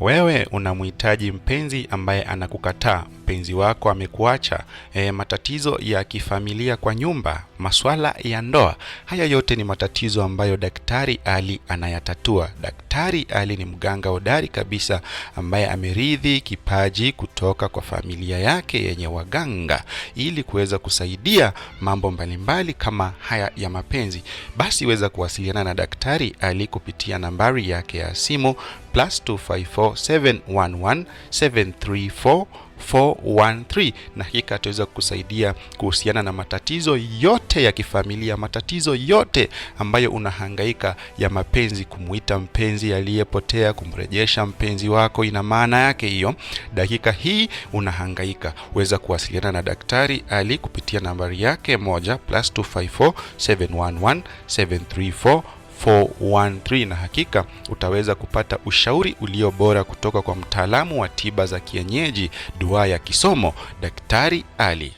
Wewe unamhitaji mpenzi ambaye anakukataa, mpenzi wako amekuacha, e, matatizo ya kifamilia kwa nyumba, masuala ya ndoa. Haya yote ni matatizo ambayo Daktari Ali anayatatua. Daktari Ali ni mganga hodari kabisa ambaye ameridhi kipaji kutoka kwa familia yake yenye waganga ili kuweza kusaidia mambo mbalimbali kama haya ya mapenzi. Basi weza kuwasiliana na Daktari Ali kupitia nambari yake ya simu plus 254711734413 na hika ataweza kusaidia kuhusiana na matatizo yote ya kifamilia, matatizo yote ambayo unahangaika ya mapenzi, kumuita mpenzi aliyepotea, kumrejesha mpenzi wako, ina maana yake hiyo. Dakika hii unahangaika, weza kuwasiliana na Daktari Ali kupitia nambari yake moja plus 2547117344 413 na hakika utaweza kupata ushauri ulio bora kutoka kwa mtaalamu wa tiba za kienyeji, dua ya kisomo, Daktari Ali.